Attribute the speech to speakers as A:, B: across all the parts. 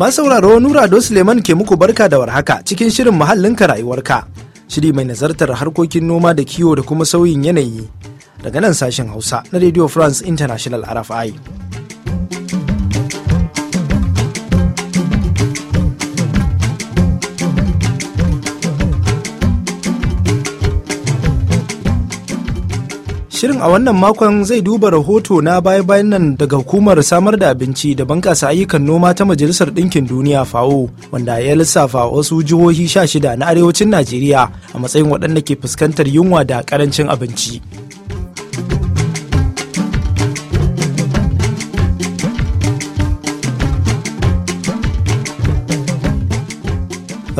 A: Masu sauraro Nura Ado Suleiman ke muku barka da warhaka cikin shirin muhallin muhallinka rayuwarka. Shiri mai nazartar harkokin noma da kiwo da kuma sauyin yanayi. Daga nan sashen Hausa na Radio France International RFI. Shirin a wannan makon zai duba rahoto na baya-bayan nan daga hukumar samar da abinci da bankasa ayyukan noma ta Majalisar Ɗinkin Duniya FAO wanda ya lissafa wasu jihohi sha shida na arewacin Najeriya a matsayin waɗanda ke fuskantar yunwa da ƙarancin abinci.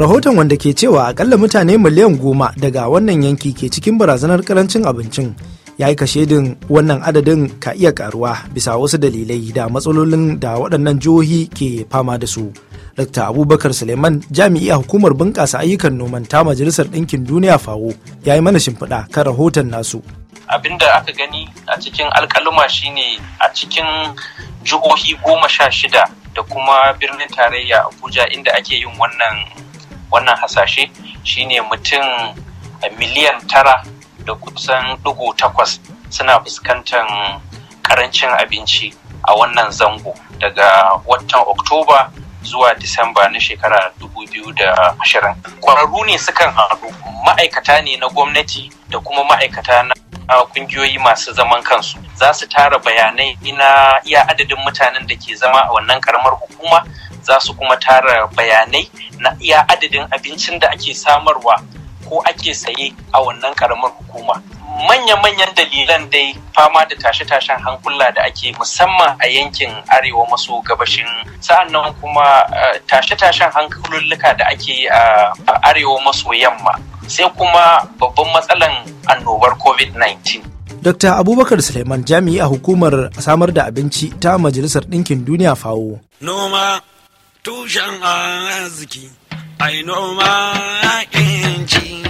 A: rahoton wanda ke cewa akalla mutane miliyan goma daga wannan yanki ke cikin barazanar karancin abincin ya yi kashedin wannan adadin ka iya karuwa bisa wasu dalilai da matsalolin da waɗannan jihohi ke fama da su. Dr. Abubakar Suleiman jami'i a hukumar bunƙasa ayyukan noman ta Majalisar Ɗinkin Duniya fawo ya yi mana shimfiɗa kan rahoton nasu.
B: Abin da aka gani a cikin alƙaluma shine a cikin jihohi goma sha shida da kuma birnin tarayya Abuja inda ake yin wannan wannan hasashe shine mutum eh, miliyan tara da kusan dugu takwas suna fuskantar karancin abinci a wannan zango daga watan oktoba zuwa disamba na shekara 2020 Kwararru ne sukan haɗu ma'aikata ne na gwamnati da kuma ma'aikata na kungiyoyi masu zaman kansu za su tara bayanai na iya adadin mutanen da ke zama a wannan karamar hukuma za su kuma tara bayanai na iya adadin abincin da ake samarwa ko ake saye a wannan karamar hukuma manya-manyan dalilan dai fama da tashe-tashen hankula da ake musamman a yankin arewa maso gabashin sa'annan kuma eh, tashe-tashen hankululluka da ake a arewa maso yamma sai kuma babban matsalan annobar covid-19
A: Dr. Abubakar Suleiman jami'i a hukumar samar da abinci ta Majalisar Ɗinkin Duniya fawo.
C: Noma tushen arziki, ai noma yanci.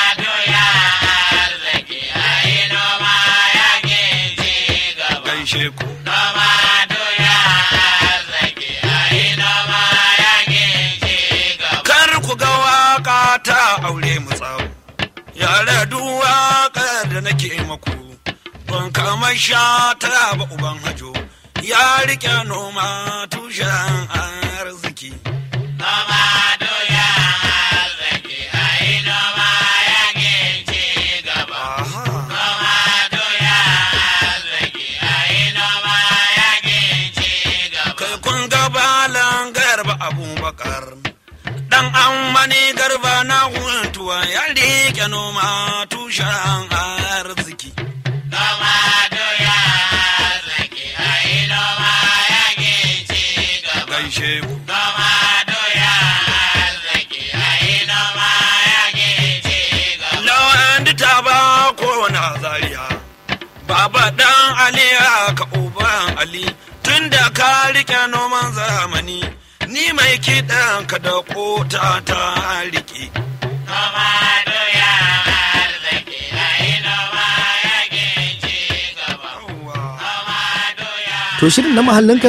C: gaishe ku. Kar ku ga waka ta aure mu tsawo, yare duwaka da nake maku, ban kamar sha ta ba uban hajo, ya riƙe noma tushen arziki. Noma ka rike noman zamani ni mai kiɗan ka da kota ta riƙe
A: To shirin na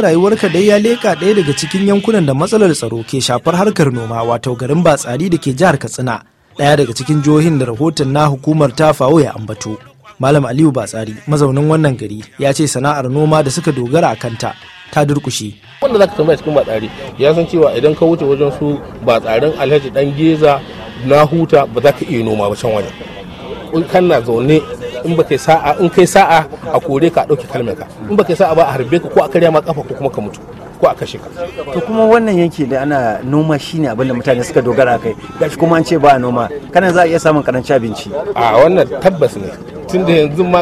A: rayuwar ka dai ya leka ɗaya daga cikin yankunan da matsalar tsaro ke shafar harkar noma wato garin batsari da ke jihar Katsina ɗaya daga cikin jihohin da rahoton na hukumar ta tafawo ya ambato. Malam Aliyu Batsari mazaunin wannan gari ya ce sana'ar noma da suka dogara a kanta ta durkushe
D: wanda ka tambaya cikin batsari ya san cewa idan ka wuce wajen su batsarin alhaji dan geza na huta ba za ka iya noma ba can wajen kana zaune in ba kai sa'a in kai sa'a a kore ka dauke kalmar ka in ba kai sa'a ba a harbe ka ko a karya ma kafa ko kuma ka mutu ko a kashe ka to kuma wannan yanki da ana noma shine abin da mutane suka dogara kai gashi kuma an ce ba a noma kana za a iya samun karancin abinci a wannan tabbas ne tunda yanzu ma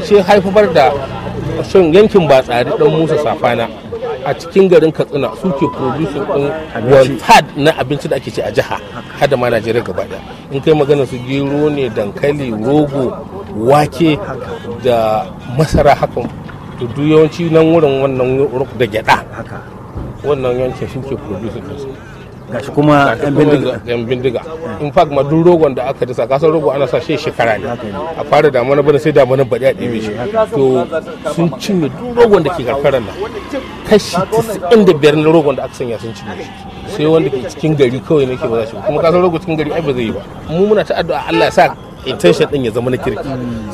D: shi haifar da shan yankin ba tsari dan musa safana a cikin garin katsina suke producer din one third na abinci da ake ci a jiha har da ma najeriya gaba daya in kai magana su gero ne dankali rogo wake da masara hakan to duk yawanci nan wurin wannan da gyada wannan yankin suke producer din gashi kuma yan bindiga in fact ma duk rogon da aka dasa kasan rogo ana sa shi shekara ne a fara damana bana sai damana baɗi a ɗebe shi to sun cinye duk rogon da ke karkarar nan kashi biyar na rogon da aka sanya sun cinye shi sai wanda ke cikin gari kawai nake ba za shi kuma kasan rogo cikin gari ai ba zai yi ba mu muna ta addu'a Allah ya sa intention din ya zama na kirki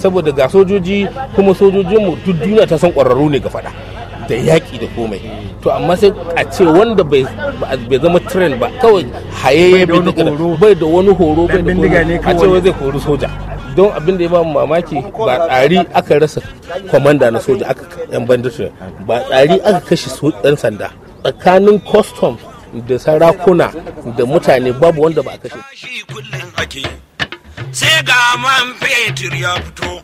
D: saboda ga sojoji kuma sojojinmu duk duniya ta san kwararru ne ga faɗa da yaƙi da komai to amma sai a ce wanda bai zama trend ba kawai hayayya bai da wani horo bai da wani a ce zai horo soja don abin da ya ba mu mamaki ba tsari aka rasa kwamanda na soja aka yan banditry ba tsari aka kashe su ɗan sanda tsakanin custom da sarakuna da mutane babu wanda ba a kashe
C: sai ga man fetur ya fito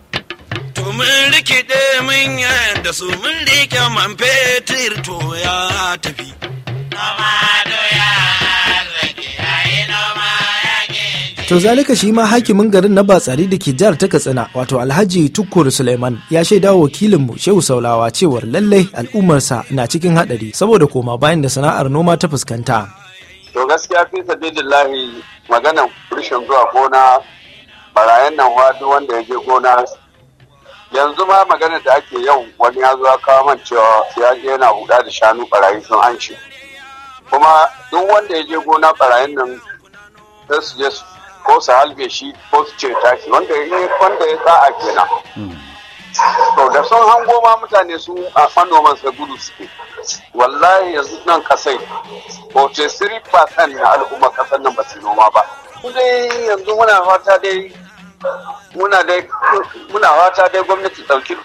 C: to mun rikide mun yi da su mun rike man fetir to ya tafi.
A: To zalika shi ma hakimin garin na batsari da ke jihar ta Katsina wato Alhaji Tukur Suleiman ya shaida wakilinmu Shehu Saulawa cewar lallai al'ummarsa na cikin hadari saboda koma bayan da sana'ar noma ta fuskanta.
E: To gaskiya fi sabidillahi maganan rushin zuwa gona barayan nan wadu wanda ya je gona yanzu ma magana da ake yau wani ya zo ya kawo man cewa ya je yana huda da shanu barayi sun an shi kuma duk wanda ya je gona barayin nan sai su je ko su halbe shi ko su ce tashi wanda ya wanda ya a kenan to da sun hango ma mutane su a manoman sa gudu suke wallahi yanzu nan kasai ko ce 3% na al'umma kasar nan ba su noma ba kuma yanzu muna fata dai muna dai wata dai gwamnati ɗauki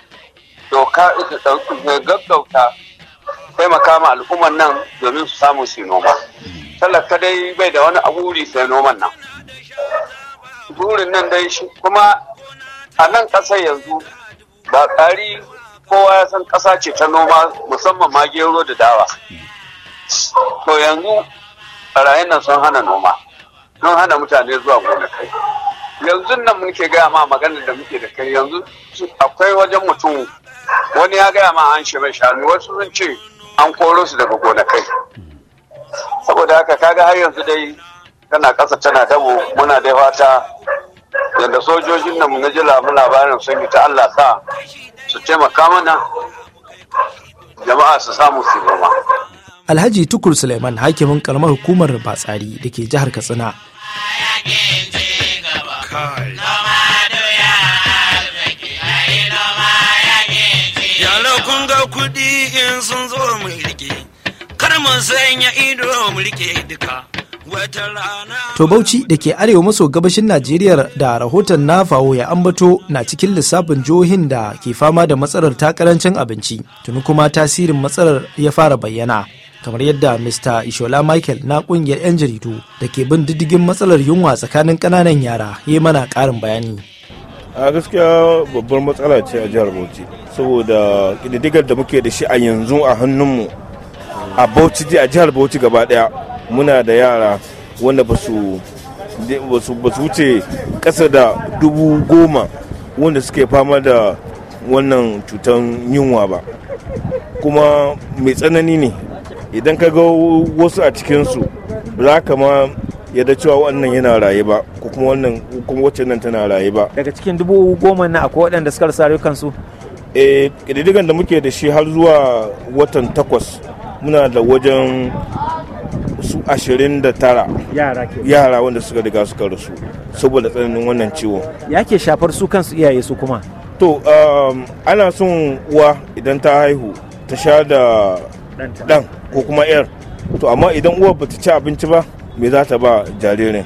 E: doka ita ɗauki gaggauta taimaka ma al'umman nan domin su samu su noma talaka dai bai da wani aburi sai noman nan burin nan dai shi kuma a nan ƙasar yanzu ba tsari kowa ya san ƙasa ce ta noma musamman ma gero da dawa to yanzu ɓarayin nan sun hana noma sun hana mutane zuwa gonakai yanzu nan muke gaya ma magana da muke da kai yanzu akwai wajen mutum wani ya gaya ma an shirya shanu wasu sun ce an koro su daga gonakai saboda haka kaga har yanzu dai tana ƙasa tana dabo muna dai fata yadda sojojin nan na ji labarin sun yi ta Allah sa su taimaka mana jama'a su samu su
A: Alhaji Tukur Suleiman hakimin karamar hukumar Batsari da ke jihar Katsina
C: kuɗi in sun zo mu rike, kar mu sanya ido mu rike duka.
A: To Bauchi da ke arewa maso gabashin Najeriya da rahoton na fawo ya ambato na cikin lissafin jihohin da ke fama da matsalar takarancin abinci, tuni kuma tasirin matsalar ya fara bayyana. kamar yadda Mr. Ishola Michael na kungiyar 'yan jaridu da ke bin diddigin matsalar yunwa tsakanin kananan yara ya mana karin bayani.
F: a gaskiya babbar matsala ce a jihar bauchi saboda ƙididdigar da muke da shi a yanzu a hannunmu a bauchi a jihar bauchi gaba daya muna da yara wanda ba su wuce ƙasa da dubu goma wanda suke fama da wannan cutar yunwa ba kuma mai tsanani ne idan ka ga wasu a cikinsu ba za ka ma yadda cewa wannan yana raye ba ko kuma wannan kuma wacce nan tana raye ba daga cikin dubu goma na akwai waɗanda suka rasa rayukansu eh ƙididdigan da muke da shi har zuwa watan takwas muna da wajen su ashirin da tara yara wanda suka riga suka rasu saboda tsananin wannan ciwo ya ke shafar su kansu iyaye su kuma to um, ana son uwa idan ta haihu ta sha da dan ko kuma yar to amma idan uwa bata ci abinci ba me za ta ba jaririn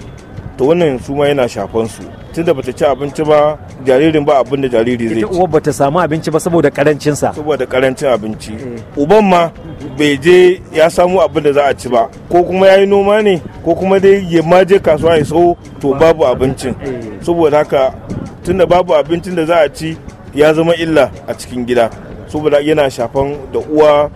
F: to wannan su ma yana shafan su tunda bata ci abinci ba jaririn ba abin da jariri zai ci uwar bata samu abinci ba saboda karancin sa saboda karancin abinci eh. uban ma bai je ya samu abin da za a ci ba ko kuma yayi noma ne ko kuma dai ya ma je kasuwa ya so to babu abincin eh. saboda haka tunda babu abincin da za a ci ya zama illa a cikin gida saboda yana shafan da uwa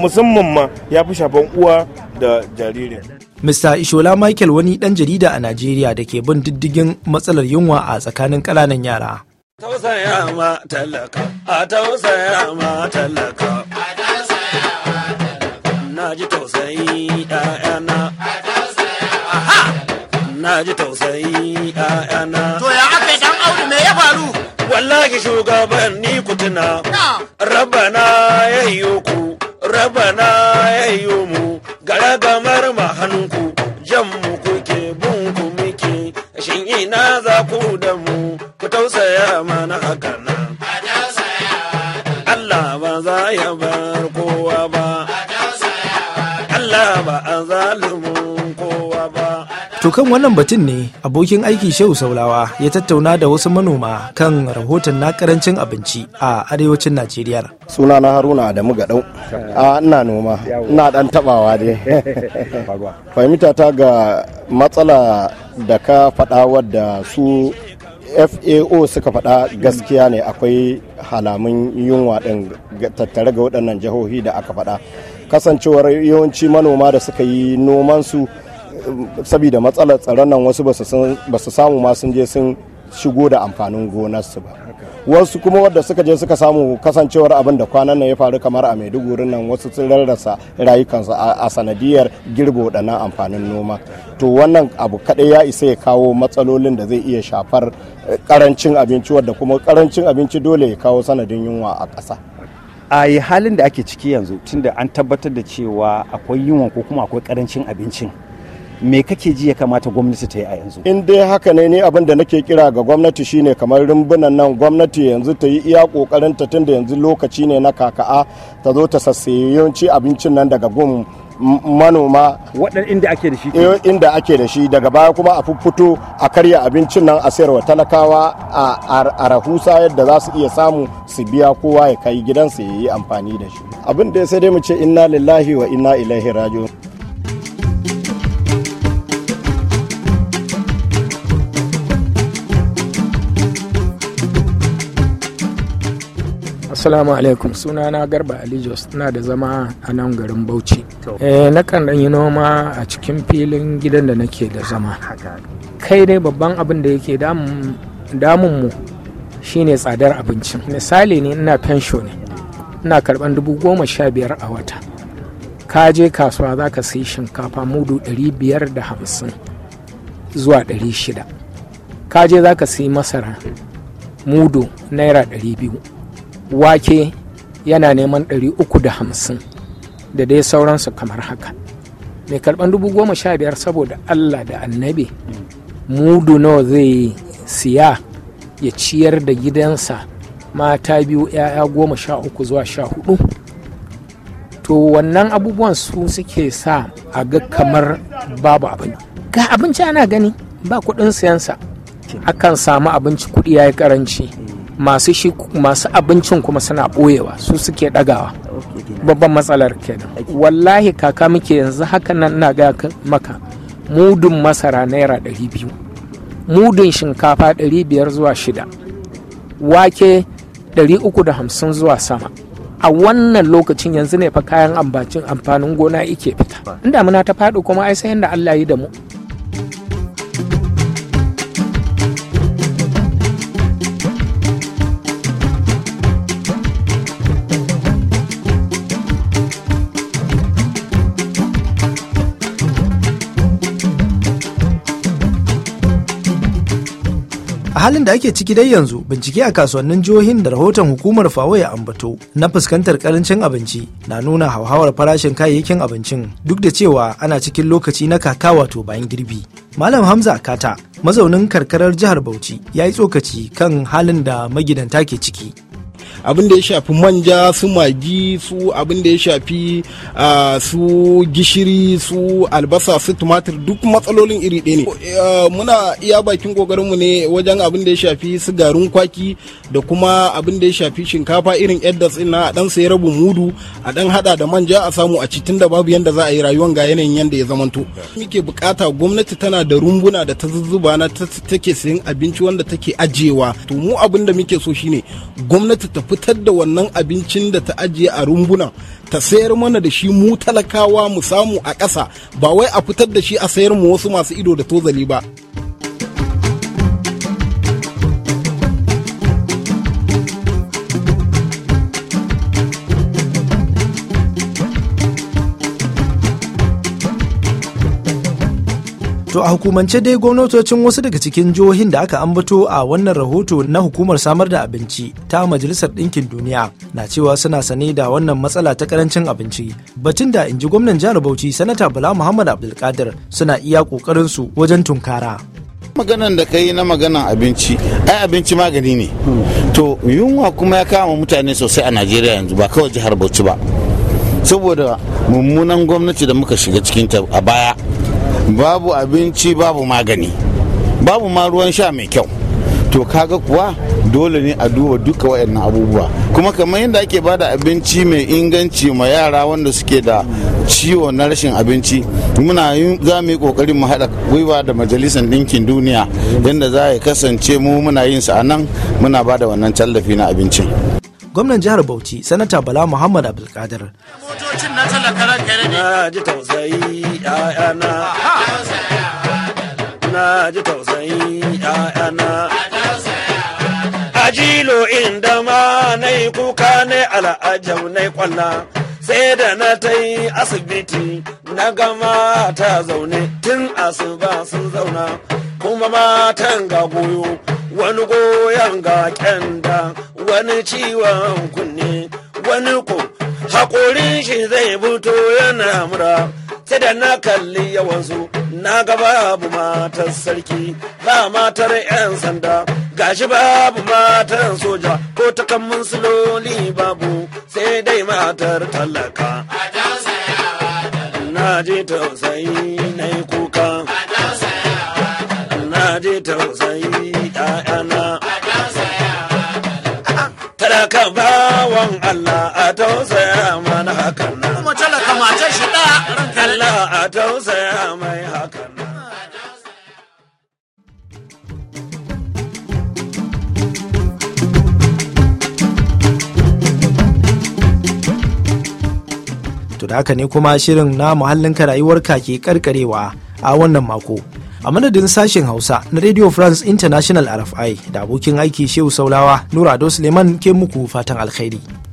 F: musamman ma ya fi shafan uwa da jaririn.
A: Mr. Ishola Michael wani ɗan jarida a Najeriya da ke bin diddigin matsalar yunwa a tsakanin ƙananan yara.
G: faru?
C: Wallahi shugaban ni kutuna. Rabana ya yi ku, rabana ya yi ba
A: To kan wannan batun ne abokin aiki Shehu Saulawa ya tattauna da wasu manoma kan rahoton na karancin abinci a arewacin Najeriya.
G: Suna na Haruna Adamu Gadau. A ina noma, ina dan
A: tabawa dai.
G: Fahimta ta ga matsala da ka faɗa wadda su fao suka faɗa gaskiya ne akwai halamun yunwa ɗin tattare ga waɗannan jihohi da aka faɗa kasancewar yawanci manoma da suka yi noman su saboda matsalar tsaron nan wasu ba su samu ma sun je sun shigo da amfanin gonarsu ba wasu kuma wadda suka je suka samu kasancewar abin da kwanan nan ya faru kamar a maiduguri nan wasu sun rarrasa rayukansu a sanadiyar girbo da nan amfanin noma to wannan abu kadai ya isa ya kawo matsalolin da zai iya shafar karancin eh, abinci wadda kuma karancin abinci dole ya kawo sanadin yunwa a ƙasa a yi halin da ake ciki yanzu tunda an tabbatar da cewa akwai yunwa ko kuma akwai karancin abincin me kake ji ya kamata gwamnati ta yi a yanzu in dai haka ne ni abin da nake kira ga gwamnati shine kamar rumbunan nan gwamnati yanzu ta yi iya kokarin ta tunda yanzu lokaci ne na kaka'a ta zo ta sassaye yawanci abincin nan daga gun manoma
C: waɗanda inda ake da
G: shi eh, inda ake da shi daga baya kuma a fuffuto a karya abincin nan a sayarwa talakawa a rahusa yadda za su iya samu su biya kowa ya kai gidansa ya yi amfani da shi abin da sai dai mu ce inna lillahi wa inna ilaihi raji'un
H: Assalamu alaikum suna na Garba Ali Jos ina da zama a nan garin Bauchi. Eh, na kan dan noma a cikin filin gidan da nake da zama. Kai dai babban abin da yake damun mu shine tsadar abincin. Misali ne ina fensho ne. Ina karɓar dubu goma sha biyar a wata. Ka je kasuwa za ka sayi shinkafa mudu ɗari biyar da hamsin zuwa ɗari shida. Ka je za ka sayi masara mudu naira ɗari biyu. wake yana neman 350 da dai sauransu kamar haka mai karban dubu goma sha biyar saboda allah da annabi mudu nawa zai siya ya ciyar da gidansa mata biyu 'ya'ya goma sha uku zuwa sha hudu to wannan abubuwan su suke sa a ga kamar babu abin ga abinci ana gani ba kudin siyansa akan samu abinci kudi ya yi karanci masu shi masu abincin kuma suna boyewa su suke dagawa, babban matsalar kenan wallahi kaka muke yanzu haka nan na ga maka mudun masara naira ɗari biyu mudun shinkafa ɗari biyar zuwa shida wake ɗari uku da hamsin zuwa sama a wannan lokacin yanzu ne fa kayan ambacin amfanin gona ike fita in muna ta faɗi kuma ai sai da Allah yi da mu
A: halin da ake ciki dai yanzu bincike a kasuwannin jihohin da rahoton hukumar fawo ya ambato na fuskantar karancin abinci na nuna hauhawar farashin kayayyakin abincin duk da cewa ana cikin lokaci na kaka wato bayan girbi malam hamza kata mazaunin karkarar jihar bauchi ya yi tsokaci kan halin da magidanta ke ciki abin da ya shafi manja su magi su abin da ya shafi
D: su gishiri su albasa su tumatir duk matsalolin iri ɗaya ne muna iya bakin mu ne wajen abin da ya shafi su garin kwaki da kuma abin da ya shafi shinkafa irin eddas ina a dan sayi rabu mudu a dan haɗa da manja a samu a cikin da babu yanda za a yi rayuwan ga yanayin yanda ya zamanto muke bukata gwamnati tana da rumbuna da ta zuzzuba na take sayan abinci wanda take ajiyewa to mu abin da muke so shine gwamnati ta fitar da wannan abincin da ta ajiye a rumbuna ta sayar mana da shi mu talakawa mu samu a ƙasa ba wai a fitar da shi a sayar mu wasu masu ido da tozali ba
A: To a hukumance dai gwamnatocin wasu daga cikin jihohin da aka ambato a wannan rahoto na hukumar samar da abinci ta Majalisar Ɗinkin Duniya na cewa suna sane da wannan matsala ta karancin abinci. Batun da inji gwamnan jihar Bauchi Sanata Bala Muhammad Abdulkadir suna iya ƙoƙarin su wajen tunkara.
G: maganan da kai na maganan abinci ai abinci magani ne to yunwa kuma ya kama mutane sosai a najeriya yanzu ba kawai jihar bauchi ba saboda mummunan gwamnati da muka shiga cikinta a baya babu abinci babu magani babu ma ruwan sha mai kyau to kaga kuwa dole ne a duba duka wayannan abubuwa kuma kamar yadda ake ba da abinci mai inganci ma yara wanda suke da ciwo na rashin abinci muna za mu yi kokarin mu haɗa gwiwa da majalisar ɗinkin duniya yadda za ya kasance mu muna yin sa a nan muna ba da wannan
A: tallafi na abincin gwamnan jihar bauchi sanata bala muhammad abdulkadir
C: motocin na ‘ya'yana na ji tausayin ‘ya'yana ajilo inda ma na yi kuka na al'ajau na kwalla sai da na ta yi asibiti na gama ta zaune tun asuba sun zauna kuma matan ga goyo wani goyon ga kyanda wani ciwon kunne wani ko Hakorin shi zai buto yana mura sai da na kalli yawansu na ga babu matan sarki ba matar 'yan sanda gashi babu matan soja ko ta kan babu sai dai matar talaka na je tausayi na yi kuka na je tausayi ɗayana talaka bawan allah a tausaya mana hakan a tausaya mai hakan.
A: To da haka ne kuma shirin na muhallinka ka ke karkarewa a wannan mako. A madadin sashen Hausa na Radio France International RFI da abokin aiki Shehu Saulawa Nura Ado Suleiman ke muku fatan alkhairi.